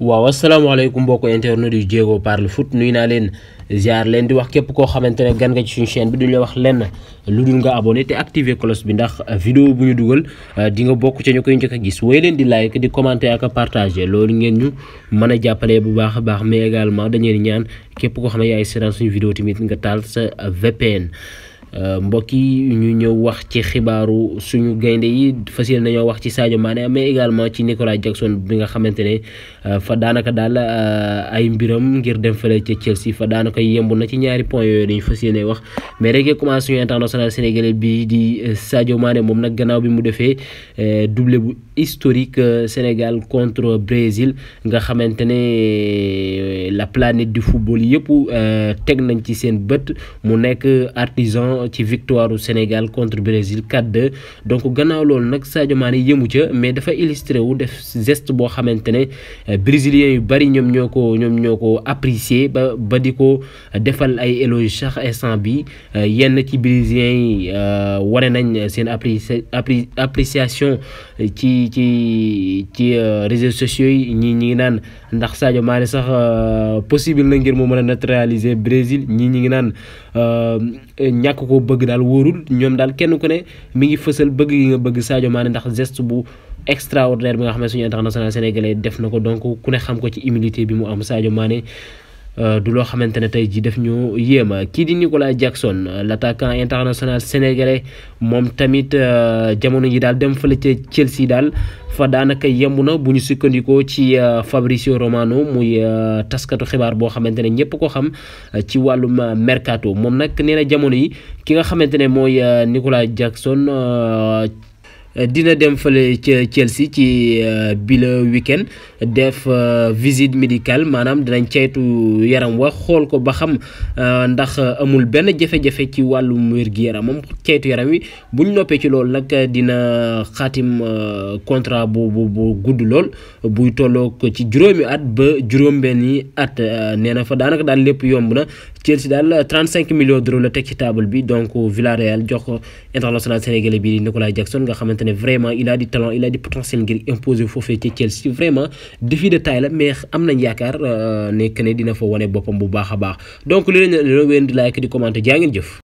waaw asalaamaaleykum mbokk internet yu Diégo parle foot nuyu naa leen ziar leen di wax képp koo xamante ne gan nga ci suñu chaîne bi duñu la wax lenn lu dul nga abonné te activer cloche bi ndax vidéo bu ñu dugal euh, di nga bokk ca ñu koy njëkk a gis woy leen di like di commenter ak a partager loolu ngeen ñu mën a jàppale bu baax a baax mais également dañeen ñaan képp koo xam ne yaay seetaan suñu vidéo tamit nga taal sa VPN Euh, mbokk yi ñu ñëw wax ci xibaaru suñu gaynde yi fas yéene nañoo wax ci Sadio Mané mais également ci Nicolas Jackson bi nga xamante ne euh, fa daanaka daal euh, ay mbiram ngir dem fële ca Chelsea fa daanaka yemb na ci ñaari point yooyu dañu fas yéene wax mais rek commencé suñu international sénégalais bi di Sadio Mané moom nag gannaaw bi mu defee doublé bu historique Sénégal contre Brésil nga xamante ne la planète du football yëpp teg nañ ci seen bët mu nekk artisan ci victoire u Sénégal contre Brésil 4-2 donc gannaaw lool nak Sadio Mané yëmu ci mais dafa illustré wu def geste bo xamantene euh, brésilien brésiliens yu bari ñom ñoko ñom ñoko apprécier ba ba diko defal ay éloge sax instant bi euh, yenn ci brésilien yi euh, nañ seen appréciation ci ci ci réseaux sociaux yi ñi ñi ngi naan ndax Sadio Mané sax possible na ngir mu mën naturaliser Brésil ñi ñi ngi naan ñàkk koo bëgg daal wóorul ñoom daal kenn ku ne mi ngi fësal bëgg yi nga bëgg Sadio Mané ndax geste bu extraordinaire bi nga xam ne suñu international sénégalais def na ko donc ku ne xam ko ci humilité bi mu am Sadio Mané Euh, du loo xamante ne tey jii def ñu yéema kii di Nicolas Jackson l'attaquant international sénégalais moom tamit euh, jamono ji daal dem fële ca Chelsea daal fa daanaka yemb na bu ñu sukkandikoo ci euh, Fabrizio Romano muy taskatu xibaar boo xamante ne ñëpp ko xam ci wàllu mercato moom nag nee jamono yi ki nga xamante ne mooy Nicolas Jackson dina dem fële ca Chelsea ci bile week def euh, visite médical maanaam dinañ ceytu yaram wa xool ko ba xam euh, ndax amul benn jafe-jafe ci wàllum wér-gi-yaramam ceytu yaram wi buñ noppee ci lool nag dina xaatim euh, contrat bu bu bu gudd lool buy tolloo ko ci juróomi at ba juróom-benni at nee na fa daanaka daal lépp yomb na Chelsea daal 35 millions d'euros la teg ci table bi donc Villarreal jox international sénégalais bi Nicolas Jackson nga xamante vraiment il a du talent il a du potentiel ngir vraiment. défi de taille la mais am nañ yaakaar euh, ne que ne dina fa wane boppam bu baax a baax donc li leen di leen di like di commenter jaa ngeen jëf.